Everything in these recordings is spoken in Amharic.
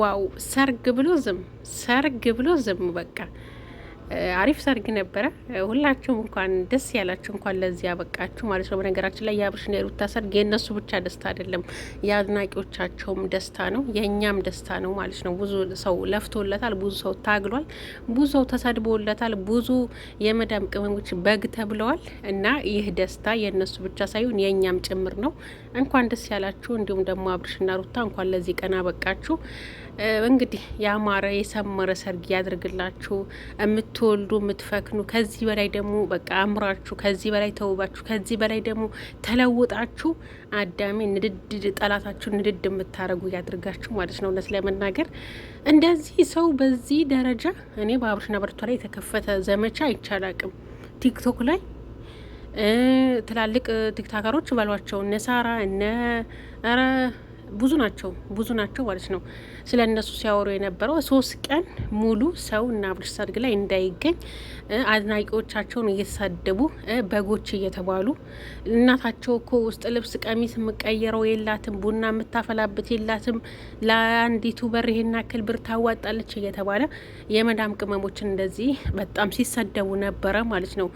ዋው! ሰርግ ብሎ ዝም ሰርግ ብሎ ዝም በቃ አሪፍ ሰርግ ነበረ። ሁላችሁም እንኳን ደስ ያላችሁ፣ እንኳን ለዚህ ያበቃችሁ ማለት ነው። በነገራችን ላይ የአብርሽና የሩታ ሰርግ የእነሱ ብቻ ደስታ አይደለም፣ የአድናቂዎቻቸውም ደስታ ነው፣ የእኛም ደስታ ነው ማለት ነው። ብዙ ሰው ለፍቶለታል፣ ብዙ ሰው ታግሏል፣ ብዙ ሰው ተሰድቦለታል፣ ብዙ የመዳም ቅመሞች በግ ተብለዋል እና ይህ ደስታ የእነሱ ብቻ ሳይሆን የእኛም ጭምር ነው። እንኳን ደስ ያላችሁ። እንዲሁም ደግሞ አብርሽና ሩታ እንኳን ለዚህ ቀን አበቃችሁ። እንግዲህ ያማረ የሰመረ ሰርግ ያድርግላችሁ። የምትወልዱ የምትፈክኑ፣ ከዚህ በላይ ደግሞ በቃ አምራችሁ፣ ከዚህ በላይ ተውባችሁ፣ ከዚህ በላይ ደግሞ ተለውጣችሁ አዳሜ ንድድ ጠላታችሁ ንድድ የምታደርጉ ያድርጋችሁ ማለት ነው። እውነት ለመናገር እንደዚህ ሰው በዚህ ደረጃ እኔ በአብርሽና በርቷ ላይ የተከፈተ ዘመቻ አይቻላቅም። ቲክቶክ ላይ ትላልቅ ቲክታከሮች በሏቸው እነ ሳራ እነ ኧረ ብዙ ናቸው ብዙ ናቸው ማለት ነው። ስለ እነሱ ሲያወሩ የነበረው ሶስት ቀን ሙሉ ሰው እና አብርሽ ሰርግ ላይ እንዳይገኝ አድናቂዎቻቸውን እየተሳደቡ በጎች እየተባሉ እናታቸው እኮ ውስጥ ልብስ ቀሚስ የምቀየረው የላትም፣ ቡና የምታፈላበት የላትም፣ ለአንዲቱ በር ይሄን ያክል ብር ታዋጣለች እየተባለ የመዳም ቅመሞችን እንደዚህ በጣም ሲሰደቡ ነበረ ማለት ነው።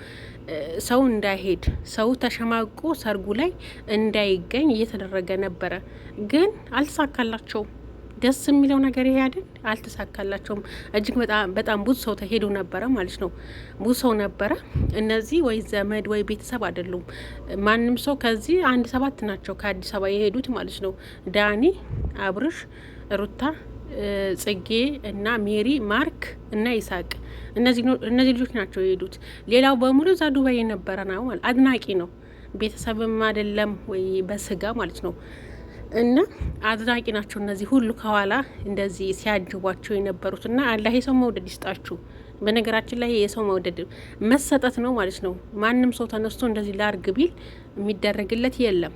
ሰው እንዳይሄድ ሰው ተሸማቆ ሰርጉ ላይ እንዳይገኝ እየተደረገ ነበረ፣ ግን አልተሳካላቸውም። ደስ የሚለው ነገር ይሄ አይደል? አልተሳካላቸውም። እጅግ በጣም ብዙ ሰው ተሄዶ ነበረ ማለት ነው። ብዙ ሰው ነበረ። እነዚህ ወይ ዘመድ ወይ ቤተሰብ አይደሉም። ማንም ሰው ከዚህ አንድ ሰባት ናቸው ከአዲስ አበባ የሄዱት ማለት ነው። ዳኒ፣ አብርሽ፣ ሩታ፣ ጽጌ እና ሜሪ፣ ማርክ እና ይሳቅ እነዚህ ልጆች ናቸው የሄዱት። ሌላው በሙሉ እዛ ዱባይ የነበረ ነው አድናቂ ነው። ቤተሰብም አይደለም ወይ በስጋ ማለት ነው እና አድናቂ ናቸው እነዚህ ሁሉ ከኋላ እንደዚህ ሲያጅቧቸው የነበሩት እና አላህ የሰው መውደድ ይስጣችሁ። በነገራችን ላይ የሰው መውደድ መሰጠት ነው ማለት ነው። ማንም ሰው ተነስቶ እንደዚህ ላርግ ቢል የሚደረግለት የለም።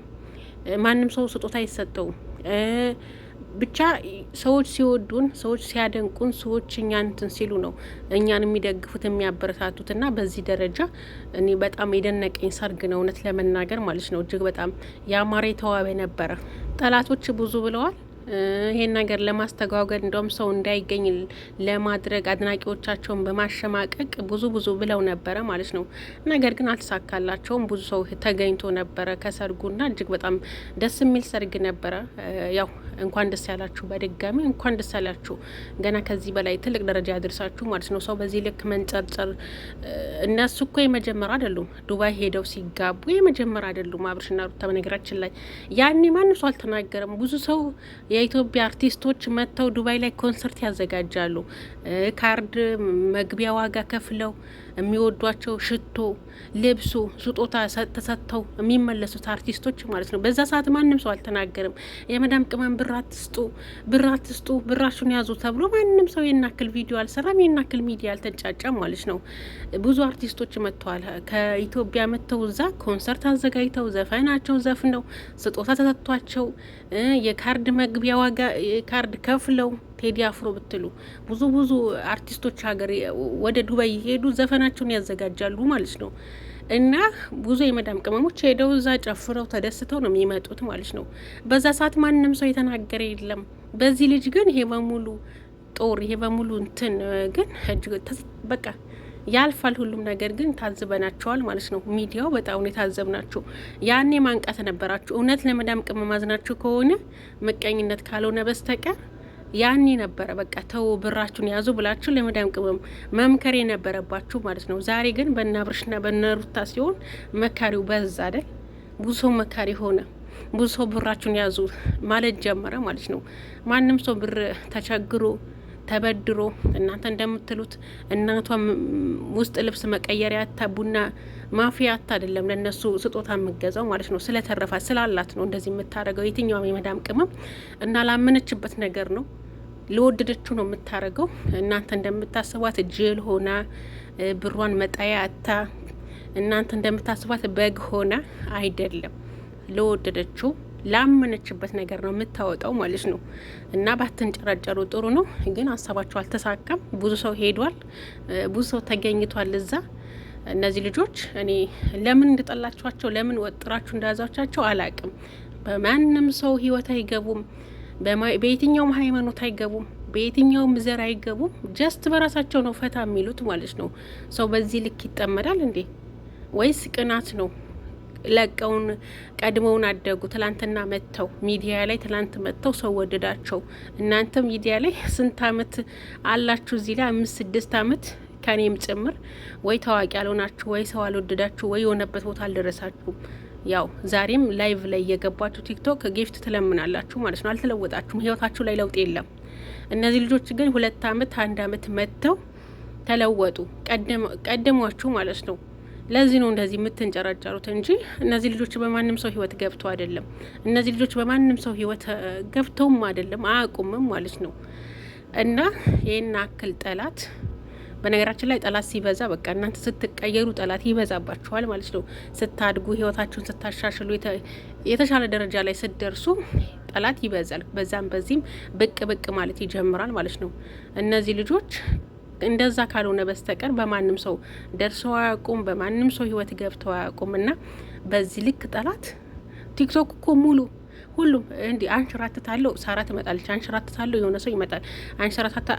ማንም ሰው ስጦታ አይሰጠውም። ብቻ ሰዎች ሲወዱን፣ ሰዎች ሲያደንቁን፣ ሰዎች እኛን እንትን ሲሉ ነው እኛን የሚደግፉት የሚያበረታቱት። እና በዚህ ደረጃ እኔ በጣም የደነቀኝ ሰርግ ነው እውነት ለመናገር ማለት ነው። እጅግ በጣም ያማረ የተዋበ ነበረ። ጠላቶች ብዙ ብለዋል። ይሄን ነገር ለማስተጓገድ እንደውም ሰው እንዳይገኝ ለማድረግ አድናቂዎቻቸውን በማሸማቀቅ ብዙ ብዙ ብለው ነበረ ማለት ነው። ነገር ግን አልተሳካላቸውም። ብዙ ሰው ተገኝቶ ነበረ ከሰርጉና እጅግ በጣም ደስ የሚል ሰርግ ነበረ ያው እንኳን ደስ ያላችሁ፣ በድጋሚ እንኳን ደስ ያላችሁ። ገና ከዚህ በላይ ትልቅ ደረጃ ያደርሳችሁ ማለት ነው። ሰው በዚህ ልክ መንጨርጨር። እነሱ እኮ የመጀመሪያ አይደሉም፣ ዱባይ ሄደው ሲጋቡ የመጀመሪያ አይደሉም። አብርሽና ሩታ በነገራችን ላይ ያኔ ማን ሰው አልተናገረም። ብዙ ሰው የኢትዮጵያ አርቲስቶች መጥተው ዱባይ ላይ ኮንሰርት ያዘጋጃሉ ካርድ መግቢያ ዋጋ ከፍለው የሚወዷቸው ሽቶ፣ ልብሱ፣ ስጦታ ተሰጥተው የሚመለሱት አርቲስቶች ማለት ነው። በዛ ሰዓት ማንም ሰው አልተናገርም። የመዳም ቅመም ብር አትስጡ፣ ብር አትስጡ፣ ብራችሁን ያዙ ተብሎ ማንም ሰው የናክል ቪዲዮ አልሰራም፣ የናክል ሚዲያ አልተንጫጫም ማለት ነው። ብዙ አርቲስቶች መጥተዋል። ከኢትዮጵያ መጥተው እዛ ኮንሰርት አዘጋጅተው ዘፈናቸው ዘፍነው ስጦታ ተሰጥቷቸው የካርድ መግቢያ ዋጋ ካርድ ከፍለው ቴዲ አፍሮ ብትሉ ብዙ ብዙ አርቲስቶች ሀገር ወደ ዱባይ እየሄዱ ዘፈናቸውን ያዘጋጃሉ ማለት ነው። እና ብዙ የመዳም ቅመሞች ሄደው እዛ ጨፍረው ተደስተው ነው የሚመጡት ማለት ነው። በዛ ሰዓት ማንም ሰው የተናገረ የለም። በዚህ ልጅ ግን ይሄ በሙሉ ጦር ይሄ በሙሉ እንትን ግን በቃ ያልፋል ሁሉም ነገር ግን ታዝበናቸዋል ማለት ነው። ሚዲያው በጣም ነው የታዘብናቸው። ያኔ ማንቃት ነበራችሁ። እውነት ለመዳም ቅመም ከሆነ ምቀኝነት ካልሆነ በስተቀር ያኔ ነበረ በቃ ተው ብራችሁን ያዙ ብላችሁ ለመዳም ቅመም መምከር የነበረባችሁ ማለት ነው። ዛሬ ግን በእነ አብርሽና በእነ ሩታ ሲሆን መካሪው በዛ አይደል? ብዙ ሰው መካሪ ሆነ። ብዙ ሰው ብራችሁን ያዙ ማለት ጀመረ ማለት ነው። ማንም ሰው ብር ተቸግሮ ተበድሮ እናንተ እንደምትሉት እናቷ ውስጥ ልብስ መቀየሪያ ያታ ቡና ማፍያ ያታ አይደለም ለእነሱ ስጦታ የምገዛው ማለት ነው። ስለተረፋት ስላላት ነው እንደዚህ የምታደርገው የትኛውም የመዳም ቅመም እና ላመነችበት ነገር ነው ለወደደችው ነው የምታደርገው። እናንተ እንደምታስቧት ጅል ሆና ብሯን መጣያ አታ እናንተ እንደምታስቧት በግ ሆና አይደለም ለወደደችው ላመነችበት ነገር ነው የምታወጣው ማለት ነው። እና ባትንጨረጨሩ ጥሩ ነው። ግን ሀሳባቸው አልተሳካም። ብዙ ሰው ሄዷል፣ ብዙ ሰው ተገኝቷል እዛ። እነዚህ ልጆች እኔ ለምን እንደጠላችኋቸው ለምን ወጥራችሁ እንዳያዛቻቸው አላቅም። በማንም ሰው ህይወት አይገቡም፣ በየትኛውም ሃይማኖት አይገቡም በየትኛውም ዘር አይገቡም። ጀስት በራሳቸው ነው ፈታ የሚሉት ማለት ነው። ሰው በዚህ ልክ ይጠመዳል እንዴ? ወይስ ቅናት ነው? ለቀውን ቀድመውን አደጉ። ትላንትና መጥተው ሚዲያ ላይ ትላንት መጥተው ሰው ወደዳቸው። እናንተ ሚዲያ ላይ ስንት አመት አላችሁ? እዚህ ላይ አምስት ስድስት አመት ከኔም ጭምር ወይ ታዋቂ ያልሆናችሁ ወይ ሰው አልወደዳችሁ ወይ የሆነበት ቦታ አልደረሳችሁም። ያው ዛሬም ላይቭ ላይ እየገባችሁ ቲክቶክ ጊፍት ትለምናላችሁ ማለት ነው። አልተለወጣችሁም። ህይወታችሁ ላይ ለውጥ የለም። እነዚህ ልጆች ግን ሁለት አመት አንድ አመት መጥተው ተለወጡ። ቀደሟችሁ ማለት ነው። ለዚህ ነው እንደዚህ የምትንጨረጨሩት እንጂ እነዚህ ልጆች በማንም ሰው ህይወት ገብተው አይደለም። እነዚህ ልጆች በማንም ሰው ህይወት ገብተውም አይደለም አያውቁምም ማለት ነው። እና ይህን አክል ጠላት በነገራችን ላይ ጠላት ሲበዛ በቃ እናንተ ስትቀየሩ ጠላት ይበዛባችኋል ማለት ነው። ስታድጉ ህይወታችሁን ስታሻሽሉ የተሻለ ደረጃ ላይ ስትደርሱ ጠላት ይበዛል። በዛም በዚህም ብቅ ብቅ ማለት ይጀምራል ማለት ነው። እነዚህ ልጆች እንደዛ ካልሆነ በስተቀር በማንም ሰው ደርሰው አያውቁም፣ በማንም ሰው ህይወት ገብተው አያውቁም። እና በዚህ ልክ ጠላት ቲክቶክ እኮ ሙሉ ሁሉም እንዲህ አንሸራትታለሁ፣ ሳራ ትመጣለች፣ አንሸራትታለሁ፣ የሆነ ሰው ይመጣል፣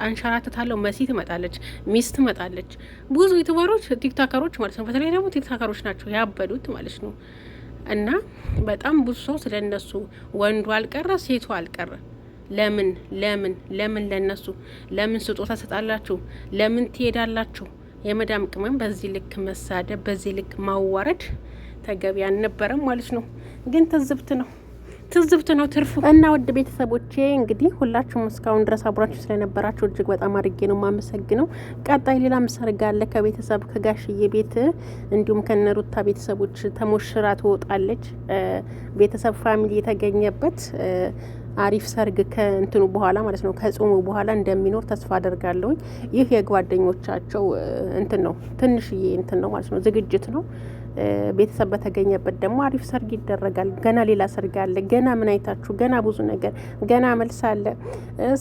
አንሸራትታለሁ፣ መሲ ትመጣለች፣ ሚስ ትመጣለች። ብዙ ዩቱበሮች ቲክታከሮች ማለት ነው። በተለይ ደግሞ ቲክታከሮች ናቸው ያበዱት ማለት ነው። እና በጣም ብዙ ሰው ስለነሱ ወንዱ አልቀረ ሴቱ አልቀረ ለምን ለምን ለምን ለነሱ ለምን ስጦታ ሰጣላችሁ? ለምን ትሄዳላችሁ? የመዳም ቅመም በዚህ ልክ መሳደብ፣ በዚህ ልክ ማዋረድ ተገቢ አልነበረም ማለት ነው። ግን ትዝብት ነው ትዝብት ነው ትርፉ። እና ውድ ቤተሰቦቼ እንግዲህ ሁላችሁም እስካሁን ድረስ አብራችሁ ስለነበራችሁ እጅግ በጣም አድርጌ ነው የማመሰግነው። ቀጣይ ሌላ ምሰርጋ አለ ከቤተሰብ ከጋሽዬ ቤት እንዲሁም ከነሩታ ቤተሰቦች ተሞሽራ ትወጣለች። ቤተሰብ ፋሚሊ የተገኘበት አሪፍ ሰርግ ከእንትኑ በኋላ ማለት ነው ከጾሙ በኋላ እንደሚኖር ተስፋ አደርጋለሁኝ። ይህ የጓደኞቻቸው እንትን ነው ትንሽዬ እንትን ነው ማለት ነው ዝግጅት ነው። ቤተሰብ በተገኘበት ደግሞ አሪፍ ሰርግ ይደረጋል። ገና ሌላ ሰርግ አለ። ገና ምን አይታችሁ፣ ገና ብዙ ነገር፣ ገና መልስ አለ።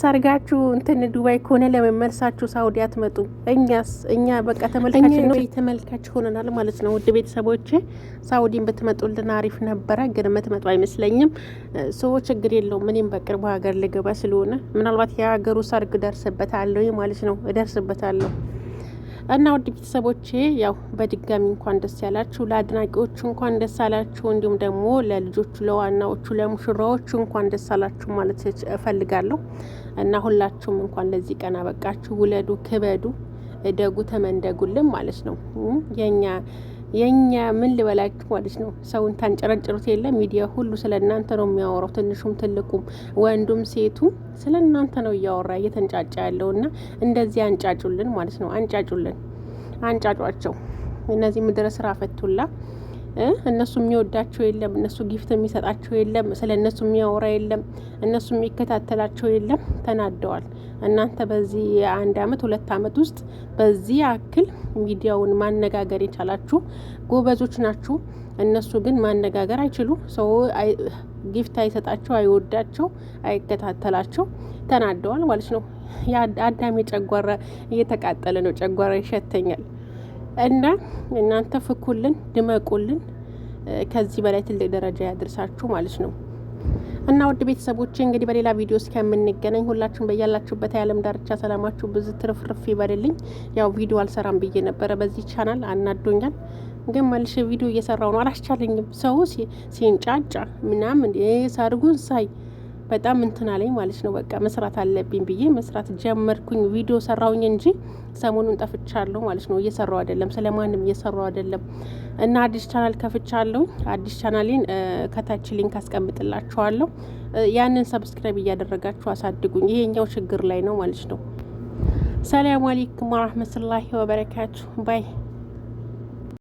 ሰርጋችሁ እንትን ዱባይ ከሆነ ለመመልሳችሁ መልሳችሁ ሳውዲ አትመጡ? እኛስ እኛ በቃ ተመልካች ነው ተመልካች ሆነናል ማለት ነው። ውድ ቤተሰቦች ሳውዲን ብትመጡልን አሪፍ ነበረ፣ ግን ምትመጡ አይመስለኝም። ሶ ችግር የለውም። እኔም በቅርቡ ሀገር ልገባ ስለሆነ ምናልባት የሀገሩ ሰርግ ደርስበታለሁ ማለት ነው። እደርስበታለሁ እና ውድ ቤተሰቦቼ ያው በድጋሚ እንኳን ደስ ያላችሁ፣ ለአድናቂዎቹ እንኳን ደስ አላችሁ እንዲሁም ደግሞ ለልጆቹ ለዋናዎቹ ለሙሽራዎቹ እንኳን ደስ አላችሁ ማለት እፈልጋለሁ እና ሁላችሁም እንኳን ለዚህ ቀን አበቃችሁ። ውለዱ፣ ክበዱ፣ እደጉ፣ ተመንደጉልን ማለት ነው የኛ የእኛ ምን ልበላችሁ ማለት ነው። ሰውን ታንጨረጭሩት የለ ሚዲያ ሁሉ ስለ እናንተ ነው የሚያወራው። ትንሹም ትልቁም፣ ወንዱም ሴቱም ስለ እናንተ ነው እያወራ እየተንጫጫ ያለው እና እንደዚህ አንጫጩልን ማለት ነው። አንጫጩልን፣ አንጫጯቸው። እነዚህ ምድረ ስራ ፈቱላ እነሱ የሚወዳቸው የለም፣ እነሱ ጊፍት የሚሰጣቸው የለም፣ ስለ እነሱ የሚያወራ የለም፣ እነሱ የሚከታተላቸው የለም። ተናደዋል። እናንተ በዚህ የአንድ አመት ሁለት አመት ውስጥ በዚህ አክል ሚዲያውን ማነጋገር የቻላችሁ ጎበዞች ናችሁ። እነሱ ግን ማነጋገር አይችሉ። ሰው ጊፍት አይሰጣቸው፣ አይወዳቸው፣ አይከታተላቸው። ተናደዋል ማለት ነው። አዳሜ ጨጓራ እየተቃጠለ ነው። ጨጓራ ይሸተኛል። እና እናንተ ፍኩልን፣ ድመቁልን፣ ከዚህ በላይ ትልቅ ደረጃ ያድርሳችሁ ማለት ነው። እና ውድ ቤተሰቦቼ እንግዲህ በሌላ ቪዲዮ እስከምንገናኝ ሁላችሁም በያላችሁበት የዓለም ዳርቻ ሰላማችሁ ብዙ ትርፍርፍ ይበልልኝ። ያው ቪዲዮ አልሰራም ብዬ ነበረ በዚህ ቻናል አናዶኛል፣ ግን መልሼ ቪዲዮ እየሰራው ነው። አላስቻለኝም። ሰው ሲንጫጫ ምናምን ሳድጉን ሳይ በጣም እንትን አለኝ ማለት ነው። በቃ መስራት አለብኝ ብዬ መስራት ጀመርኩኝ። ቪዲዮ ሰራውኝ እንጂ ሰሞኑን ጠፍቻለሁ ማለት ነው። እየሰራው አይደለም፣ ስለማንም እየሰራው አይደለም። እና አዲስ ቻናል ከፍቻለሁ። አዲስ ቻናሌን ከታች ሊንክ አስቀምጥላችኋለሁ። ያንን ሰብስክራይብ እያደረጋችሁ አሳድጉኝ። ይሄኛው ችግር ላይ ነው ማለት ነው። ሰላም አለይኩም ወራህመቱላሂ ወበረካቱ ባይ